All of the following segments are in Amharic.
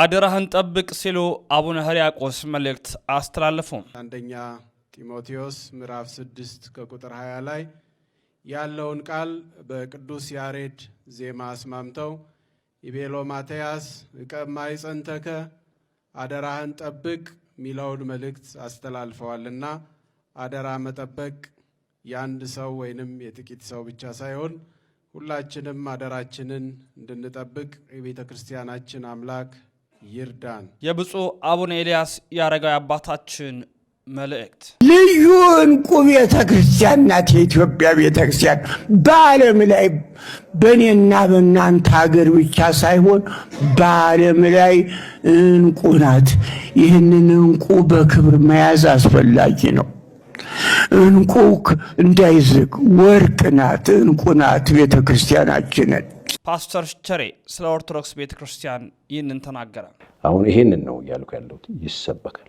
አደራህን ጠብቅ ሲሉ አቡነ ሕርያቆስ መልእክት አስተላለፉ። አንደኛ ጢሞቴዎስ ምዕራፍ 6 ከቁጥር 20 ላይ ያለውን ቃል በቅዱስ ያሬድ ዜማ አስማምተው ኢቤሎ ማቴያስ እቀማይ ጸንተከ አደራህን ጠብቅ ሚለውን መልእክት አስተላልፈዋልና አደራ መጠበቅ የአንድ ሰው ወይንም የጥቂት ሰው ብቻ ሳይሆን ሁላችንም አደራችንን እንድንጠብቅ የቤተ ክርስቲያናችን አምላክ ይርዳን። የብፁዕ አቡነ ኤልያስ የአረጋዊ አባታችን መልእክት ልዩ እንቁ ቤተ ክርስቲያን ናት። የኢትዮጵያ ቤተ ክርስቲያን በዓለም ላይ በእኔና በእናንተ ሀገር ብቻ ሳይሆን በዓለም ላይ እንቁ ናት። ይህንን እንቁ በክብር መያዝ አስፈላጊ ነው። እንቁ እንዳይዝግ ወርቅ ናት፣ እንቁ ናት ቤተ ክርስቲያናችንን ፓስተር ቸሬ ስለ ኦርቶዶክስ ቤተ ክርስቲያን ይህንን ተናገረ። አሁን ይሄንን ነው እያልኩ ያለሁት። ይሰበካል፣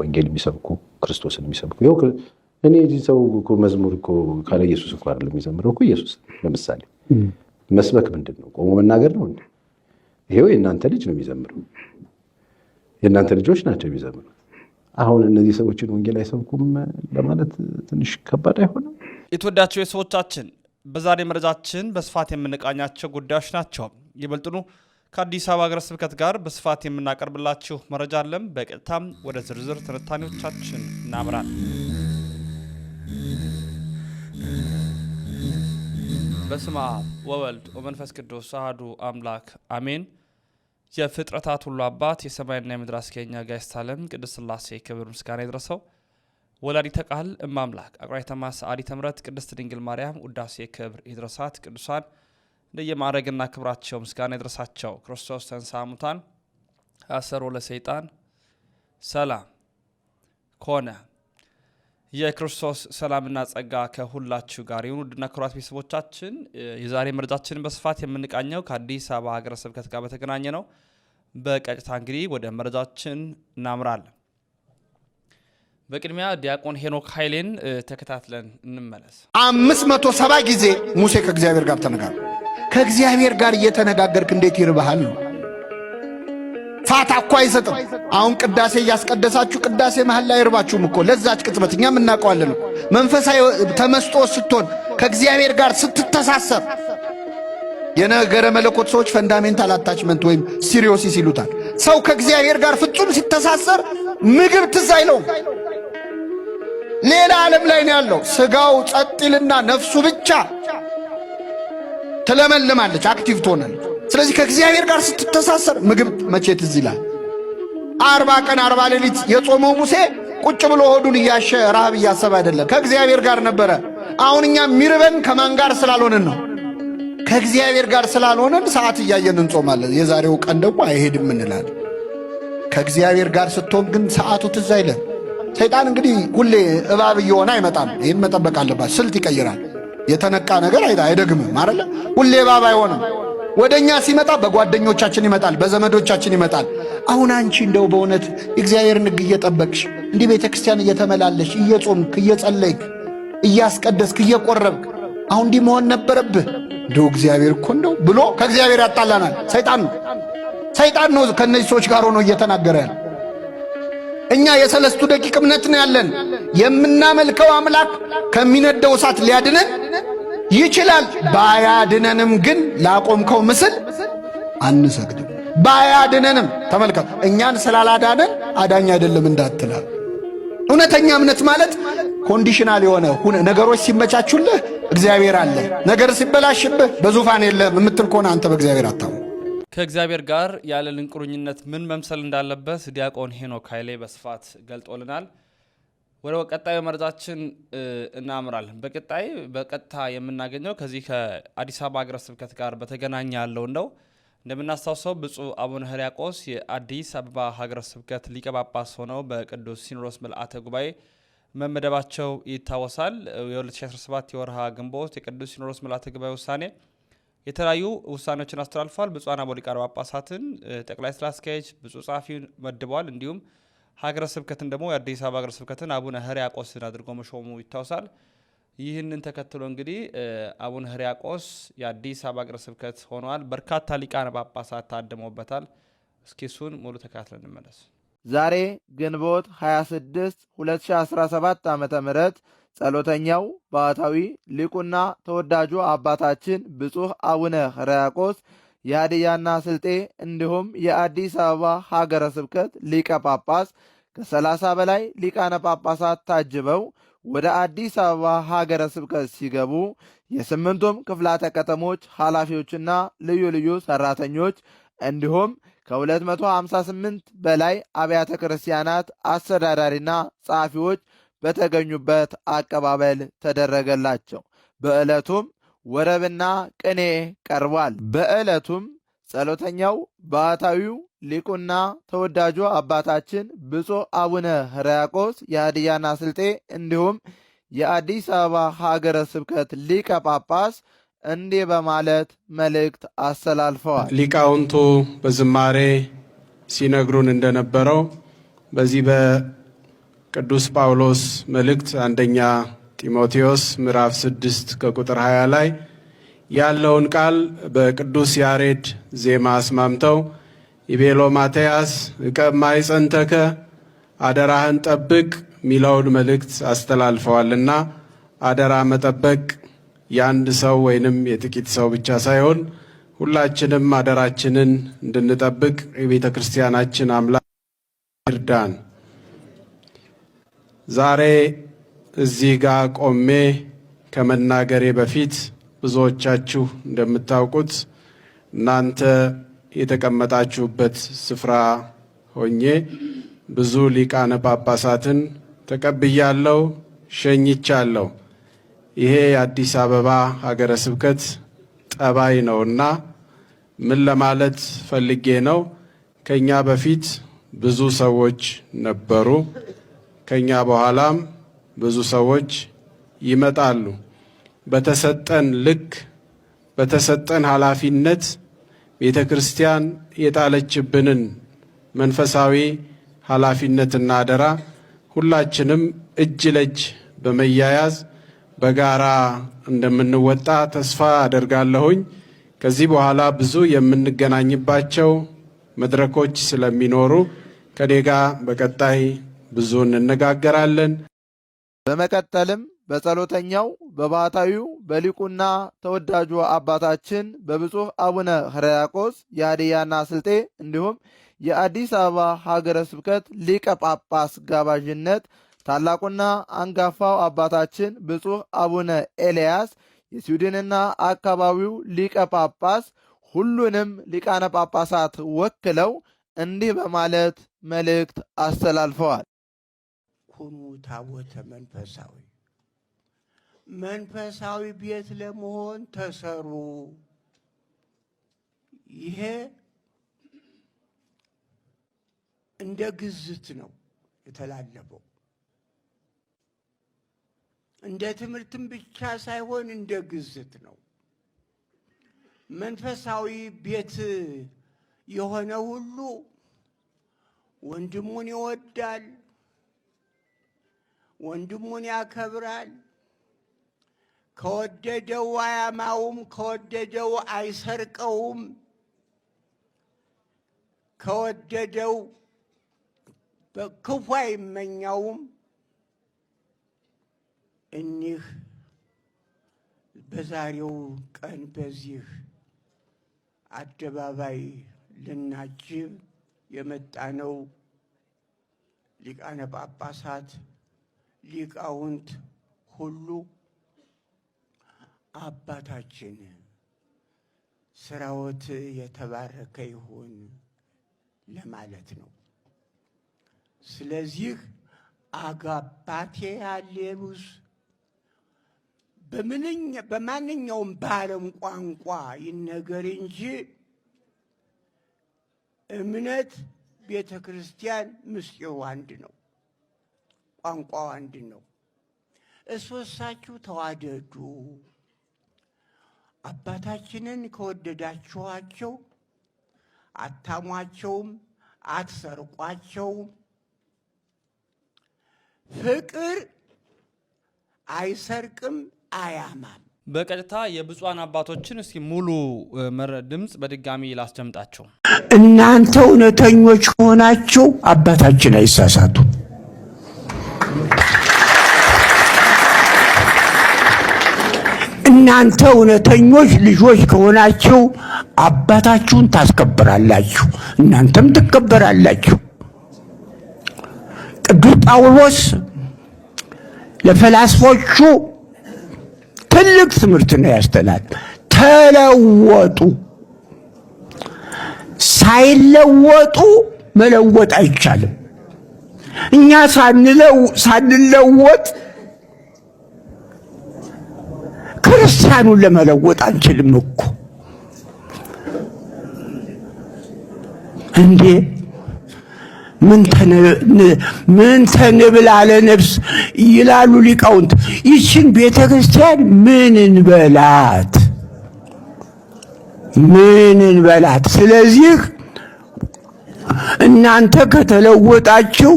ወንጌል የሚሰብኩ ክርስቶስን የሚሰብኩ ይኸው። እኔ እዚህ ሰው እኮ መዝሙር እኮ ካለ ኢየሱስ እኮ አይደለም የሚዘምረው እኮ ኢየሱስ። ለምሳሌ መስበክ ምንድን ነው? ቆሞ መናገር ነው። ይሄው የእናንተ ልጅ ነው የሚዘምረው፣ የእናንተ ልጆች ናቸው የሚዘምሩት። አሁን እነዚህ ሰዎችን ወንጌል አይሰብኩም ለማለት ትንሽ ከባድ አይሆንም? የተወዳቸው የሰዎቻችን በዛሬ መረጃችን በስፋት የምንቃኛቸው ጉዳዮች ናቸው። ይበልጥኑ ከአዲስ አበባ ሀገረ ስብከት ጋር በስፋት የምናቀርብላችሁ መረጃ አለም። በቀጥታም ወደ ዝርዝር ትንታኔዎቻችን እናምራል። በስመ አብ ወወልድ ወመንፈስ ቅዱስ አህዱ አምላክ አሜን። የፍጥረታት ሁሉ አባት የሰማይና የምድር አስገኛ ጋይስታለም ዓለም ቅድስት ስላሴ ክብር ምስጋና ይድረሰው። ወላዲተ ቃል እማምላክ አቁራይተ ማሰዓሊተ ምሕረት ቅድስት ድንግል ማርያም ውዳሴ ክብር ይድረሳት። ቅዱሳን እንደየማዕረግና ክብራቸው ምስጋና ይድረሳቸው። ክርስቶስ ተንሥአ እሙታን አሰሮ ለሰይጣን ሰላም ኮነ። የክርስቶስ ሰላምና ጸጋ ከሁላችሁ ጋር ይሁን። ውድና ክቡራት ቤተሰቦቻችን የዛሬ መረጃችንን በስፋት የምንቃኘው ከአዲስ አበባ ሀገረ ስብከት ጋር በተገናኘ ነው። በቀጥታ እንግዲህ ወደ መረጃችን እናምራለን። በቅድሚያ ዲያቆን ሄኖክ ኃይሌን ተከታትለን እንመለስ። አምስት መቶ ሰባ ጊዜ ሙሴ ከእግዚአብሔር ጋር ተነጋገ። ከእግዚአብሔር ጋር እየተነጋገርክ እንዴት ይርባሃል ነው። ፋታ እኮ አይሰጥም። አሁን ቅዳሴ እያስቀደሳችሁ ቅዳሴ መሀል ላይ አይርባችሁም እኮ ለዛች ቅጽበት፣ እኛም እናውቀዋለን። መንፈሳዊ ተመስጦ ስትሆን ከእግዚአብሔር ጋር ስትተሳሰር የነገረ መለኮት ሰዎች ፈንዳሜንታል አታችመንት ወይም ሲሪዮሲስ ይሉታል። ሰው ከእግዚአብሔር ጋር ፍጹም ሲተሳሰር ምግብ ትዝ አይለውም። ሌላ ዓለም ላይ ነው ያለው። ስጋው ጸጥልና ነፍሱ ብቻ ትለመልማለች፣ አክቲቭ ትሆናለች። ስለዚህ ከእግዚአብሔር ጋር ስትተሳሰር ምግብ መቼ ትዝ ይላል? አርባ ቀን አርባ ሌሊት የጾመው ሙሴ ቁጭ ብሎ ሆዱን እያሸ ረሃብ እያሰበ አይደለም፣ ከእግዚአብሔር ጋር ነበረ። አሁን እኛ ሚርበን ከማን ጋር ስላልሆንን ነው? ከእግዚአብሔር ጋር ስላልሆነን ሰዓት እያየን እንጾማለን። የዛሬው ቀን ደግሞ አይሄድም እንላለን። ከእግዚአብሔር ጋር ስትሆን ግን ሰዓቱ ትዝ አይለን። ሰይጣን እንግዲህ ሁሌ እባብ እየሆነ አይመጣም። ይህን መጠበቅ አለባት። ስልት ይቀይራል። የተነቃ ነገር አይደግምም አይደለ? ሁሌ እባብ አይሆንም። ወደ እኛ ሲመጣ በጓደኞቻችን ይመጣል፣ በዘመዶቻችን ይመጣል። አሁን አንቺ እንደው በእውነት እግዚአብሔርን ሕግ እየጠበቅሽ እንዲህ ቤተ ክርስቲያን እየተመላለሽ እየጾምክ እየጸለይክ እያስቀደስክ እየቆረብክ አሁን እንዲህ መሆን ነበረብህ እንደው እግዚአብሔር እኮ እንደው ብሎ ከእግዚአብሔር ያጣላናል። ሰይጣን ነው ሰይጣን ነው ከእነዚህ ሰዎች ጋር ሆኖ እየተናገረ ያለ እኛ የሰለስቱ ደቂቅ እምነት ነው ያለን። የምናመልከው አምላክ ከሚነደው እሳት ሊያድነን ይችላል። ባያድነንም ግን ላቆምከው ምስል አንሰግድም። ባያድነንም ተመልከት፣ እኛን ስላላዳነን አዳኝ አይደለም እንዳትላል። እውነተኛ እምነት ማለት ኮንዲሽናል የሆነ ነገሮች ሲመቻቹልህ እግዚአብሔር አለ፣ ነገር ሲበላሽብህ በዙፋን የለህም የምትል ከሆነ አንተ በእግዚአብሔር አታ ከእግዚአብሔር ጋር ያለ ቁርኝነት ምን መምሰል እንዳለበት ዲያቆን ሄኖክ ኃይሌ በስፋት ገልጦልናል። ወደ ቀጣዩ መረጃችን እናምራለን። በቀጣይ በቀጥታ የምናገኘው ከዚህ ከአዲስ አበባ ሀገረ ስብከት ጋር በተገናኘ ያለውን ነው። እንደምናስታውሰው ብፁዕ አቡነ ህርያቆስ የአዲስ አበባ ሀገረ ስብከት ሊቀ ጳጳስ ሆነው በቅዱስ ሲኖዶስ ምልአተ ጉባኤ መመደባቸው ይታወሳል። የ2017 የወርሃ ግንቦት የቅዱስ ሲኖዶስ ምልአተ ጉባኤ ውሳኔ የተለያዩ ውሳኔዎችን አስተላልፏል። ብፁዓን አበው ሊቃነ ጳጳሳትን ጠቅላይ ስራ አስኪያጅ ብፁዕ ጸሐፊ መድበዋል። እንዲሁም ሀገረ ስብከትን ደግሞ የአዲስ አበባ ሀገረ ስብከትን አቡነ ህርያቆስን አድርጎ መሾሙ ይታወሳል። ይህንን ተከትሎ እንግዲህ አቡነ ቆስ የአዲስ አበባ ሀገረ ስብከት ሆነዋል። በርካታ ሊቃነ ጳጳሳት ታድመውበታል። እስኪ እሱን ሙሉ ተከታትለን እንመለስ። ዛሬ ግንቦት 26 2017 ዓ ም ጸሎተኛው ባህታዊ ሊቁና ተወዳጁ አባታችን ብፁሕ አቡነ ሕርያቆስ የሀድያና ስልጤ እንዲሁም የአዲስ አበባ ሀገረ ስብከት ሊቀ ጳጳስ ከሰላሳ በላይ ሊቃነ ጳጳሳት ታጅበው ወደ አዲስ አበባ ሀገረ ስብከት ሲገቡ የስምንቱም ክፍላተ ከተሞች ኃላፊዎችና ልዩ ልዩ ሠራተኞች እንዲሁም ከ258 በላይ አብያተ ክርስቲያናት አስተዳዳሪና ጸሐፊዎች በተገኙበት አቀባበል ተደረገላቸው። በዕለቱም ወረብና ቅኔ ቀርቧል። በዕለቱም ጸሎተኛው ባህታዊው ሊቁና ተወዳጁ አባታችን ብፁዕ አቡነ ሕርያቆስ የሀዲያና ስልጤ እንዲሁም የአዲስ አበባ ሀገረ ስብከት ሊቀ ጳጳስ እንዲህ በማለት መልእክት አስተላልፈዋል። ሊቃውንቱ በዝማሬ ሲነግሩን እንደነበረው በዚህ ቅዱስ ጳውሎስ መልእክት አንደኛ ጢሞቴዎስ ምዕራፍ 6 ከቁጥር 20 ላይ ያለውን ቃል በቅዱስ ያሬድ ዜማ አስማምተው ኢቤሎ ማቴያስ እቀማይ ጸንተከ አደራህን ጠብቅ ሚለውን መልእክት አስተላልፈዋልና አደራ መጠበቅ የአንድ ሰው ወይንም የጥቂት ሰው ብቻ ሳይሆን ሁላችንም አደራችንን እንድንጠብቅ የቤተ ክርስቲያናችን አምላክ ይርዳን። ዛሬ እዚህ ጋር ቆሜ ከመናገሬ በፊት ብዙዎቻችሁ እንደምታውቁት እናንተ የተቀመጣችሁበት ስፍራ ሆኜ ብዙ ሊቃነ ጳጳሳትን ተቀብያለሁ፣ ሸኝቻለሁ። ይሄ የአዲስ አበባ ሀገረ ስብከት ጠባይ ነውና ምን ለማለት ፈልጌ ነው? ከኛ በፊት ብዙ ሰዎች ነበሩ። ከኛ በኋላም ብዙ ሰዎች ይመጣሉ። በተሰጠን ልክ በተሰጠን ኃላፊነት ቤተ ክርስቲያን የጣለችብንን መንፈሳዊ ኃላፊነትና አደራ ሁላችንም እጅ ለእጅ በመያያዝ በጋራ እንደምንወጣ ተስፋ አደርጋለሁኝ። ከዚህ በኋላ ብዙ የምንገናኝባቸው መድረኮች ስለሚኖሩ ከኔ ጋር በቀጣይ ብዙ እንነጋገራለን። በመቀጠልም በጸሎተኛው በባህታዊው በሊቁና ተወዳጁ አባታችን በብፁዕ አቡነ ሕርያቆስ የሀዲያና ስልጤ እንዲሁም የአዲስ አበባ ሀገረ ስብከት ሊቀ ጳጳስ ጋባዥነት ታላቁና አንጋፋው አባታችን ብፁዕ አቡነ ኤልያስ የስዊድንና አካባቢው ሊቀ ጳጳስ ሁሉንም ሊቃነ ጳጳሳት ወክለው እንዲህ በማለት መልእክት አስተላልፈዋል። ሁኑ ታቦተ መንፈሳዊ። መንፈሳዊ ቤት ለመሆን ተሰሩ። ይሄ እንደ ግዝት ነው የተላለፈው። እንደ ትምህርትም ብቻ ሳይሆን እንደ ግዝት ነው። መንፈሳዊ ቤት የሆነ ሁሉ ወንድሙን ይወዳል፣ ወንድሙን ያከብራል። ከወደደው አያማውም፣ ከወደደው አይሰርቀውም፣ ከወደደው ክፉ አይመኛውም። እኒህ በዛሬው ቀን በዚህ አደባባይ ልናጅብ የመጣነው ሊቃነ ጳጳሳት ሊቃውንት ሁሉ አባታችን ስራዎት የተባረከ ይሁን ለማለት ነው። ስለዚህ አጋባቴ አሌሉስ በማንኛውም በዓለም ቋንቋ ይነገር እንጂ እምነት ቤተ ክርስቲያን ምስጢሩ አንድ ነው። ቋንቋ አንድ ነው። እስወሳችሁ ተዋደዱ። አባታችንን ከወደዳችኋቸው አታሟቸውም፣ አትሰርቋቸውም። ፍቅር አይሰርቅም፣ አያማም። በቀጥታ የብፁዓን አባቶችን እስኪ ሙሉ ድምፅ በድጋሚ ላስደምጣቸው። እናንተ እውነተኞች ከሆናችሁ አባታችን አይሳሳቱ እናንተ እውነተኞች ልጆች ከሆናችሁ አባታችሁን ታስከብራላችሁ፣ እናንተም ትከበራላችሁ። ቅዱስ ጳውሎስ ለፈላስፎቹ ትልቅ ትምህርት ነው ያስተላል። ተለወጡ። ሳይለወጡ መለወጥ አይቻልም። እኛ ሳንለወጥ ክርስቲያኑን ለመለወጥ አንችልም እኮ እንዴ! ምን ተንብል አለ ነፍስ ይላሉ ሊቃውንት። ይችን ቤተ ክርስቲያን ምን እንበላት? ምን እንበላት? ስለዚህ እናንተ ከተለወጣችሁ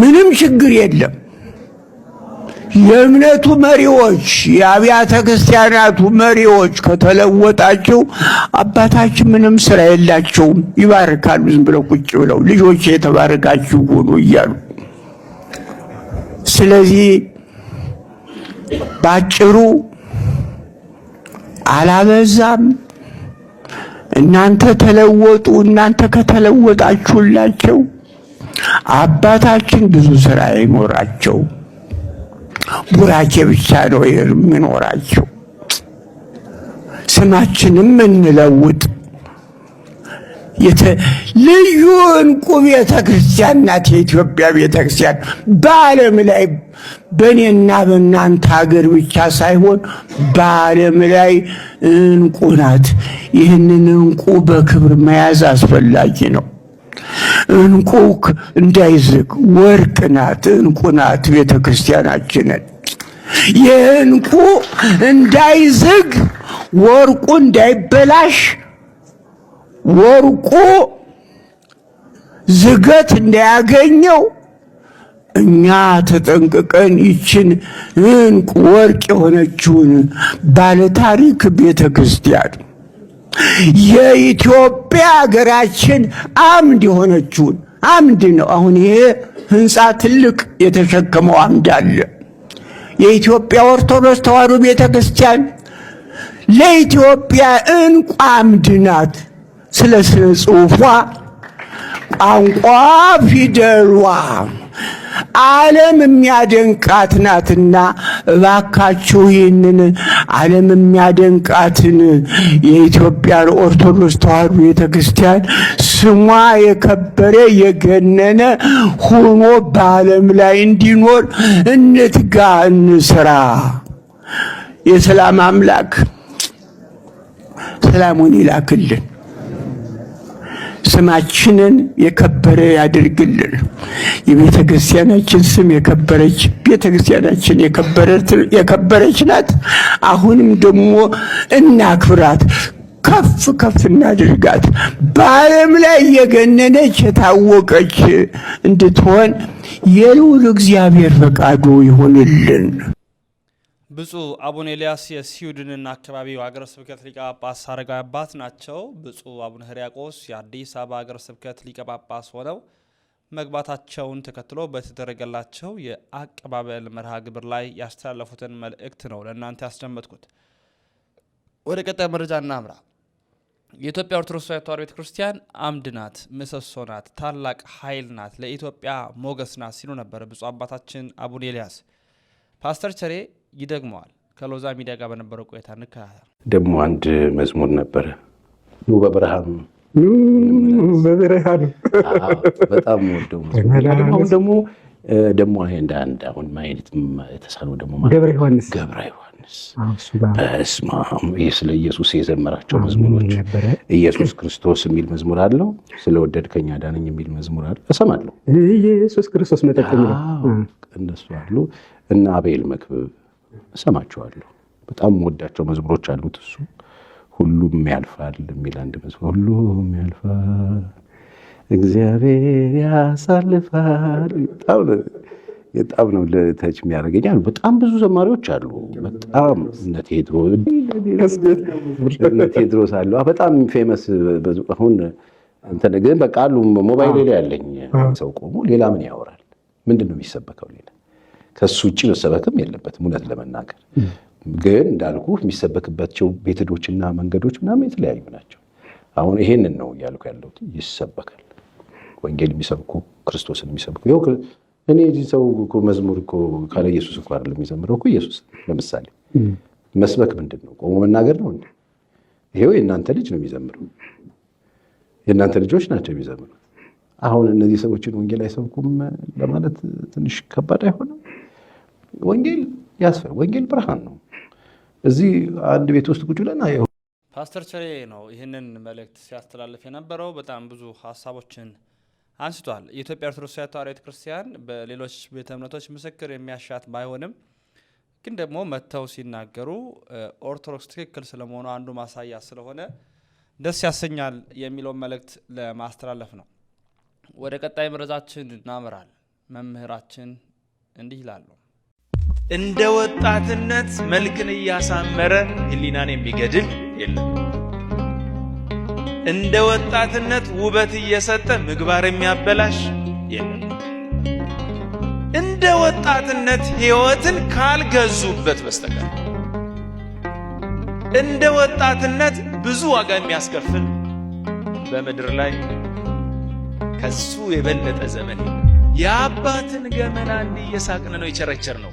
ምንም ችግር የለም። የእምነቱ መሪዎች የአብያተ ክርስቲያናቱ መሪዎች ከተለወጣቸው አባታችን ምንም ስራ የላቸውም፣ ይባርካሉ። ዝም ብለው ቁጭ ብለው ልጆች የተባረካችሁ ሆኑ እያሉ ስለዚህ ባጭሩ አላበዛም። እናንተ ተለወጡ። እናንተ ከተለወጣችሁላቸው አባታችን ብዙ ስራ አይኖራቸው። ቡራኬ ብቻ ነው የሚኖራቸው ስማችንም እንለውጥ። ልዩ እንቁ ቤተ ክርስቲያን ናት የኢትዮጵያ ቤተ ክርስቲያን። በዓለም ላይ በእኔና በእናንተ ሀገር ብቻ ሳይሆን በዓለም ላይ እንቁ ናት። ይህንን እንቁ በክብር መያዝ አስፈላጊ ነው። እንቁ እንዳይዝግ ወርቅ ናት፣ እንቁ ናት ቤተ ክርስቲያናችንን። ይህ እንቁ እንዳይዝግ ወርቁ እንዳይበላሽ ወርቁ ዝገት እንዳያገኘው እኛ ተጠንቅቀን ይችን እንቁ ወርቅ የሆነችውን ባለታሪክ ቤተ ክርስቲያን የኢትዮጵያ ሀገራችን አምድ የሆነችውን አምድ ነው። አሁን ይሄ ህንፃ ትልቅ የተሸከመው አምድ አለ። የኢትዮጵያ ኦርቶዶክስ ተዋሕዶ ቤተ ክርስቲያን ለኢትዮጵያ እንቁ አምድ ናት። ስለ ስነ ጽሑፏ ቋንቋ ፊደሏ ዓለም የሚያደንቃት ናትና እባካችሁ ይህንን ዓለም የሚያደንቃትን የኢትዮጵያን ኦርቶዶክስ ተዋሕዶ ቤተ ክርስቲያን ስሟ የከበረ የገነነ ሆኖ በዓለም ላይ እንዲኖር እንትጋ፣ እንስራ። የሰላም አምላክ ሰላሙን ይላክልን። ስማችንን የከበረ ያድርግልን። የቤተ ክርስቲያናችን ስም የከበረች ቤተ ክርስቲያናችን የከበረች ናት። አሁንም ደግሞ እናክብራት፣ ከፍ ከፍ እናድርጋት። በዓለም ላይ የገነነች የታወቀች እንድትሆን የልዑል እግዚአብሔር ፈቃዱ ይሆንልን። ብፁዕ አቡነ ኤልያስ የስዊድንና አካባቢው ሀገረ ስብከት ሊቀ ጳጳስ አረጋዊ አባት ናቸው። ብፁዕ አቡነ ህርያቆስ የአዲስ አበባ ሀገረ ስብከት ሊቀ ጳጳስ ሆነው መግባታቸውን ተከትሎ በተደረገላቸው የአቀባበል መርሃ ግብር ላይ ያስተላለፉትን መልእክት ነው ለእናንተ ያስደመጥኩት። ወደ ቀጣይ መረጃ እናምራ። የኢትዮጵያ ኦርቶዶክስ ተዋሕዶ ቤተ ክርስቲያን አምድ ናት፣ ምሰሶ ናት፣ ታላቅ ኃይል ናት፣ ለኢትዮጵያ ሞገስ ናት ሲሉ ነበር ብፁዕ አባታችን አቡነ ኤልያስ ፓስተር ቸሬ ይደግመዋል። ከሎዛ ሚዲያ ጋር በነበረው ቆይታ እንከታተል። ደግሞ አንድ መዝሙር ነበረ ኑ በብርሃኑ በብርሃኑ በጣም ወደው አሁን ደግሞ ደግሞ እንደ አንድ አሁን ማየት የተሳነው ደግሞ ገብረ ዮሐንስ ገብረ ዮሐንስ በስማም አብ ስለ ኢየሱስ የዘመራቸው መዝሙሮች ኢየሱስ ክርስቶስ የሚል መዝሙር አለው። ስለ ስለወደድከኝ አዳነኝ የሚል መዝሙር አለ፣ እሰማለሁ። ኢየሱስ ክርስቶስ ነው። እነሱ አሉ እና አቤል መክብብ እሰማቸዋለሁ። በጣም ወዳቸው መዝሙሮች አሉት እሱ ሁሉም ያልፋል የሚል አንድ መዝሙር ሁሉም ያልፋል እግዚአብሔር ያሳልፋል። በጣም ነው ለተች የሚያደርገኛል። በጣም ብዙ ዘማሪዎች አሉ። በጣም እነ ቴድሮስ አሉ። በጣም ፌመስ አሁን እንትን ግን በቃ አሉ። ሞባይል ላይ ያለኝ ሰው ቆሞ ሌላ ምን ያወራል? ምንድን ነው የሚሰበከው ሌላ ከሱ ውጭ መሰበክም የለበትም። እውነት ለመናገር ግን እንዳልኩ የሚሰበክባቸው ቤትዶችና መንገዶች ምናምን የተለያዩ ናቸው። አሁን ይሄንን ነው እያልኩ ያለሁት። ይሰበካል። ወንጌል የሚሰብኩ ክርስቶስን የሚሰብኩ ይኸው እኔ እዚህ ሰው እኮ መዝሙር እኮ ካለ ኢየሱስ እኮ አይደለም የሚዘምረው እኮ ኢየሱስ። ለምሳሌ መስበክ ምንድን ነው? ቆሞ መናገር ነው እንዴ? ይሄው የእናንተ ልጅ ነው የሚዘምረው፣ የእናንተ ልጆች ናቸው የሚዘምሩት። አሁን እነዚህ ሰዎችን ወንጌል አይሰብኩም ለማለት ትንሽ ከባድ አይሆንም? ወንጌል ያስፈ ወንጌል ብርሃን ነው። እዚህ አንድ ቤት ውስጥ ቁጭ ብለን ፓስተር ቸሬ ነው ይህንን መልእክት ሲያስተላልፍ የነበረው። በጣም ብዙ ሀሳቦችን አንስቷል። የኢትዮጵያ ኦርቶዶክስ ተዋሕዶ ቤተክርስቲያን ክርስቲያን በሌሎች ቤተ እምነቶች ምስክር የሚያሻት ባይሆንም ግን ደግሞ መጥተው ሲናገሩ ኦርቶዶክስ ትክክል ስለመሆኑ አንዱ ማሳያ ስለሆነ ደስ ያሰኛል የሚለውን መልእክት ለማስተላለፍ ነው። ወደ ቀጣይ መረጃችን እናምራል። መምህራችን እንዲህ ይላሉ። እንደ ወጣትነት መልክን እያሳመረ ህሊናን የሚገድል የለም። እንደ ወጣትነት ውበት እየሰጠ ምግባር የሚያበላሽ የለም። እንደ ወጣትነት ህይወትን ካልገዙበት በስተቀር እንደ ወጣትነት ብዙ ዋጋ የሚያስከፍል በምድር ላይ ከሱ የበለጠ ዘመን የአባትን ገመና እንዲየሳቅን ነው የቸረቸር ነው።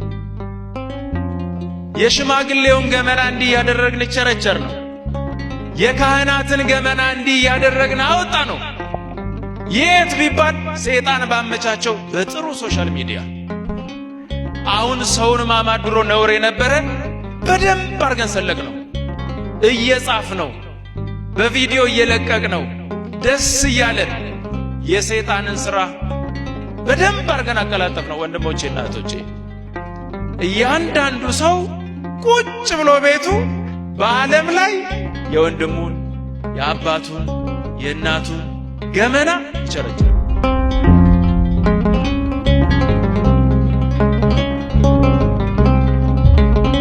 የሽማግሌውን ገመና እንዲህ እያደረግን ቸረቸር ነው። የካህናትን ገመና እንዲህ እያደረግን አወጣ ነው። የት ቢባል ሰይጣን ባመቻቸው በጥሩ ሶሻል ሚዲያ። አሁን ሰውን ማማድሮ ድሮ ነውር የነበረ በደንብ አርገን ሰለቅ ነው፣ እየጻፍ ነው፣ በቪዲዮ እየለቀቅ ነው፣ ደስ እያለን የሰይጣንን ሥራ በደንብ አርገን አቀላጠፍ ነው። ወንድሞቼ እና እህቶቼ እያንዳንዱ ሰው ቁጭ ብሎ ቤቱ በዓለም ላይ የወንድሙን የአባቱን የእናቱን ገመና ይቸረችራል።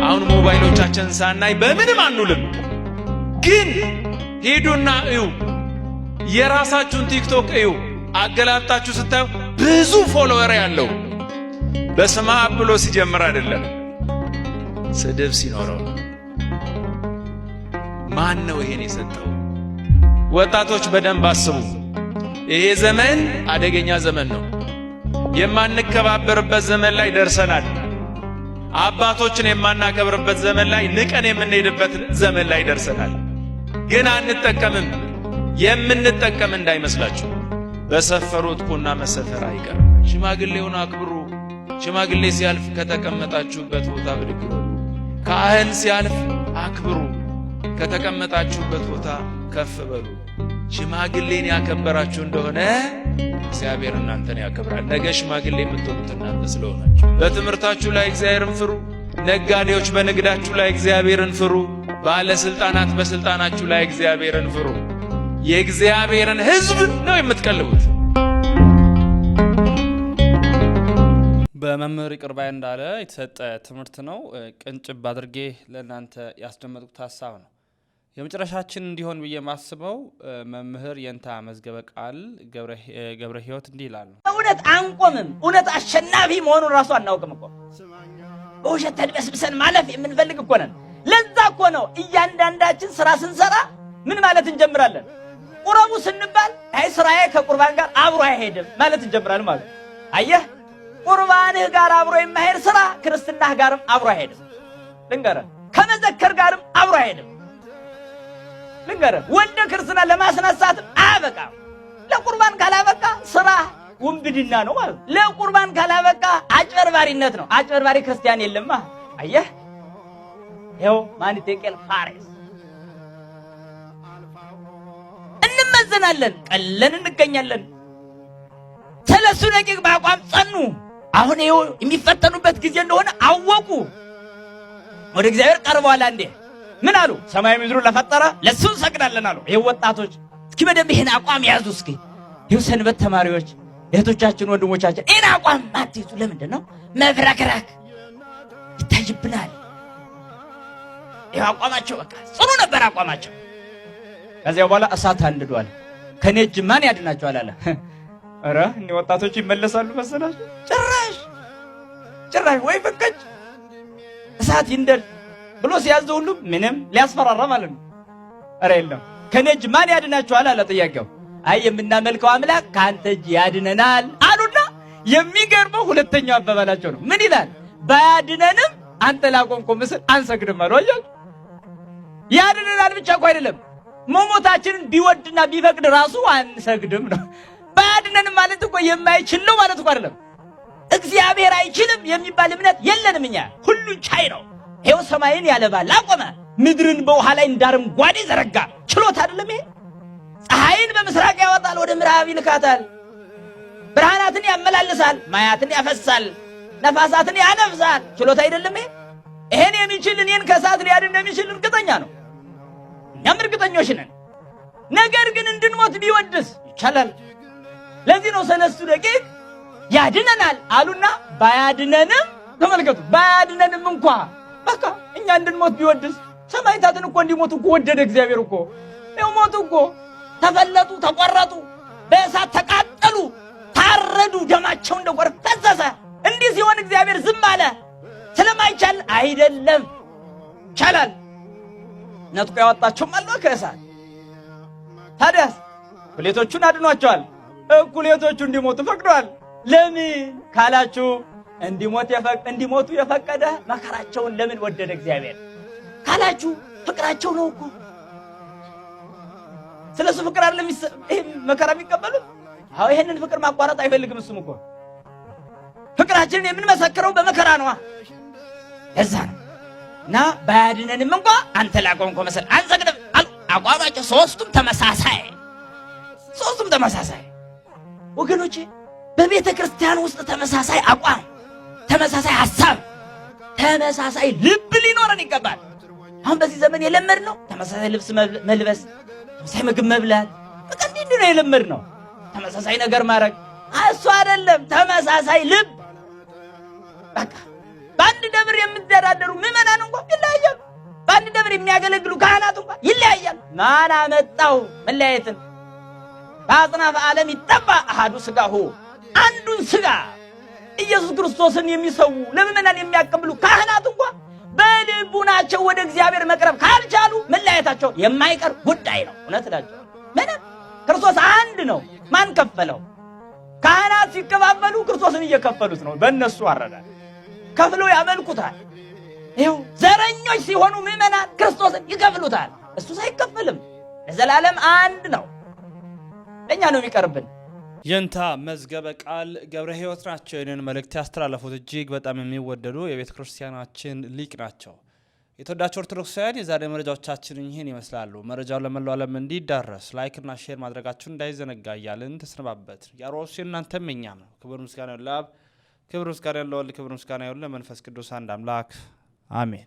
አሁን ሞባይሎቻችንን ሳናይ በምንም አንውልም፣ ግን ሂዱና እዩ። የራሳችሁን ቲክቶክ እዩ። አገላብጣችሁ ስታዩ ብዙ ፎሎወር ያለው በስመ አብ ብሎ ሲጀምር አይደለም ስድብ ሲኖረው ማን ነው ይሄን የሰጠው? ወጣቶች በደንብ አስቡ። ይሄ ዘመን አደገኛ ዘመን ነው። የማንከባበርበት ዘመን ላይ ደርሰናል። አባቶችን የማናከብርበት ዘመን ላይ ንቀን የምንሄድበት ዘመን ላይ ደርሰናል። ግን አንጠቀምም። የምንጠቀም እንዳይመስላችሁ በሰፈሩት ቁና መሰፈር አይቀርም። ሽማግሌውን አክብሩ። ሽማግሌ ሲያልፍ ከተቀመጣችሁበት ቦታ ብድግ ካህን ሲያልፍ አክብሩ፣ ከተቀመጣችሁበት ቦታ ከፍ በሉ። ሽማግሌን ያከበራችሁ እንደሆነ እግዚአብሔር እናንተን ያከብራል። ነገ ሽማግሌ የምትሆኑት እናንተ ስለሆናችሁ። በትምህርታችሁ ላይ እግዚአብሔርን ፍሩ። ነጋዴዎች በንግዳችሁ ላይ እግዚአብሔርን ፍሩ። ባለስልጣናት በስልጣናችሁ ላይ እግዚአብሔርን ፍሩ። የእግዚአብሔርን ሕዝብ ነው የምትቀልቡት። በመምህር ይቅርባይ እንዳለ የተሰጠ ትምህርት ነው። ቅንጭብ አድርጌ ለእናንተ ያስደመጥኩት ሀሳብ ነው። የመጨረሻችን እንዲሆን ብዬ የማስበው መምህር የንታ መዝገበ ቃል ገብረ ሕይወት እንዲህ ይላሉ። እውነት አንቆምም። እውነት አሸናፊ መሆኑን ራሱ አናውቅም እኮ በውሸት ተድበስብሰን ማለፍ የምንፈልግ እኮ ነን። ለዛ እኮ ነው እያንዳንዳችን ስራ ስንሰራ ምን ማለት እንጀምራለን? ቁረቡ ስንባል አይ ስራዬ ከቁርባን ጋር አብሮ አይሄድም ማለት እንጀምራለን ማለት አየህ ቁርባንህ ጋር አብሮ የማሄድ ስራ ክርስትናህ ጋርም አብሮ አይሄድም። ልንገርህ፣ ከመዘከር ጋርም አብሮ አይሄድም። ልንገርህ፣ ወልደ ክርስትና ለማስነሳትም አያበቃም። ለቁርባን ካላበቃ ስራ ውንብድና ነው ማለት ለቁርባን ካላበቃ አጭበርባሪነት ነው። አጭበርባሪ ክርስቲያን የለማ። አየህ፣ ይኸው ማንቴቄል ፋሬስ እንመዘናለን፣ ቀለን እንገኛለን። ሰለስቱ ደቂቅ በአቋም ጸኑ። አሁን ይኸው የሚፈተኑበት ጊዜ እንደሆነ አወቁ። ወደ እግዚአብሔር ቀርበዋል። አንዴ ምን አሉ? ሰማይ ምድሩ ለፈጠረ ለሱ እንሰግዳለን አሉ። ይኸው ወጣቶች እስኪ በደንብ ይህን አቋም ያዙ። እስኪ ይኸው ሰንበት ተማሪዎች እህቶቻችን፣ ወንድሞቻችን ይህን አቋም አትይዙ። ለምንድን ነው መብረክረክ ይታይብናል። ይህ አቋማቸው በቃ ጽኑ ነበር አቋማቸው። ከዚያ በኋላ እሳት አንድዷል። ከኔ እጅ ማን ያድናቸዋል አለ ኧረ እኔ ወጣቶች ይመለሳሉ መሰላችሁ? ጭራሽ ጭራሽ ወይ ፈቀጭ እሳት ይንደል ብሎ ሲያዘው ሁሉም ምንም ሊያስፈራራ ማለት ነው። ኧረ የለም ከኔ እጅ ማን ያድናችኋል አለ ጥያቄው። አይ የምናመልከው አምላክ ከአንተ እጅ ያድነናል አሉና፣ የሚገርመው ሁለተኛው አባባላቸው ነው። ምን ይላል? ባያድነንም አንተ ላቆምኮ ምስል አንሰግድም አሉ። አያችሁ ያድነናል ብቻ እኮ አይደለም መሞታችንን ቢወድና ቢፈቅድ ራሱ አንሰግድም ነው አያድነንም ማለት እኮ የማይችል ነው ማለት እኮ አይደለም። እግዚአብሔር አይችልም የሚባል እምነት የለንም እኛ። ሁሉን ቻይ ነው። ይኸው ሰማይን ያለባል አቆመ፣ ምድርን በውሃ ላይ እንዳረንጓዴ ዘረጋ። ችሎት አይደለም ይሄ? ፀሐይን በምስራቅ ያወጣል፣ ወደ ምዕራብ ይልካታል። ብርሃናትን ያመላልሳል፣ ማያትን ያፈሳል፣ ነፋሳትን ያነፍሳል። ችሎት አይደለም ይሄ? ይሄን የሚችል እኔን ከእሳት ሊያድን የሚችል እርግጠኛ ነው። እኛም እርግጠኞች ነን። ነገር ግን እንድንሞት ቢወድስ ይቻላል ለዚህ ነው ሰለስቱ ደቂቅ ያድነናል አሉና ባያድነንም፣ ተመልከቱ፣ ባያድነንም እንኳ በቃ እኛ እንድንሞት ቢወድስ ሰማይታትን እኮ እንዲሞቱ እኮ ወደደ እግዚአብሔር እኮ ይኸው ሞቱ እኮ ተፈለጡ፣ ተቆረጡ፣ በእሳት ተቃጠሉ፣ ታረዱ፣ ደማቸው እንደ ጎርፍ ፈሰሰ። እንዲህ ሲሆን እግዚአብሔር ዝም አለ። ስለማይቻል አይደለም፣ ይቻላል። ነጥቆ ያወጣቸውም አለ ከእሳት ታዲያስ ብሌቶቹን አድኗቸዋል። እኩሌቶቹ እንዲሞቱ ፈቅዷል። ለምን ካላችሁ እንዲሞቱ የፈቀደ መከራቸውን ለምን ወደደ እግዚአብሔር ካላችሁ ፍቅራቸው ነው እኮ። ስለሱ ፍቅር አይደለም ይሄ መከራ የሚቀበሉት። አዎ ይሄንን ፍቅር ማቋረጥ አይፈልግም። እሱም እኮ ፍቅራችንን የምንመሰክረው በመከራ ነዋ። ለዛ ነው እና ባያድነንም እንኳ አንተ ላቆንኮ መሰል አንሰግድም አቋማቸው ሶስቱም ተመሳሳይ ሶስቱም ተመሳሳይ ወገኖቼ በቤተ ክርስቲያን ውስጥ ተመሳሳይ አቋም፣ ተመሳሳይ ሐሳብ፣ ተመሳሳይ ልብ ሊኖረን ይገባል። አሁን በዚህ ዘመን የለመድ ነው ተመሳሳይ ልብስ መልበስ፣ ተመሳሳይ ምግብ መብላት፣ በቃ እንዲህ ነው የለመድ ነው ተመሳሳይ ነገር ማድረግ። እሱ አይደለም ተመሳሳይ ልብ። በቃ በአንድ ደብር የሚደራደሩ ምዕመናን እንኳን ይለያያሉ። በአንድ ደብር የሚያገለግሉ ካህናት እንኳን ይለያያሉ። ማን አመጣው መለያየትን? በአጽናፈ ዓለም ይጠባ አሃዱ ሆ አንዱን ስጋ ኢየሱስ ክርስቶስን የሚሰው ለምእመናን የሚያቀብሉ ካህናት እንኳ በልቡናቸው ወደ እግዚአብሔር መቅረብ ካልቻሉ መለያየታቸው የማይቀር ጉዳይ ነው። እውነት እላቸው ምንም ክርስቶስ አንድ ነው። ማን ከፈለው? ካህናት ሲከፋፈሉ ክርስቶስን እየከፈሉት ነው። በእነሱ አረዳል ከፍሎ ያመልኩታል። ይኸው ዘረኞች ሲሆኑ ምእመናን ክርስቶስን ይከፍሉታል። እሱ አይከፈልም። ለዘላለም አንድ ነው። ለእኛ ነው የሚቀርብን። የንታ መዝገበ ቃል ገብረ ሕይወት ናቸው ይህንን መልእክት ያስተላለፉት። እጅግ በጣም የሚወደዱ የቤተ ክርስቲያናችን ሊቅ ናቸው። የተወዳቸው ኦርቶዶክሳውያን የዛሬ መረጃዎቻችን ይህን ይመስላሉ። መረጃውን ለመላው ዓለም እንዲዳረስ ላይክና ሼር ማድረጋችሁን እንዳይዘነጋ እያልን ተሰነባበት። ያሮስ እናንተም እኛም ነው። ክብር ምስጋና ለአብ፣ ክብር ምስጋና ለወልድ፣ ክብር ምስጋና ለመንፈስ ቅዱስ አንድ አምላክ አሜን።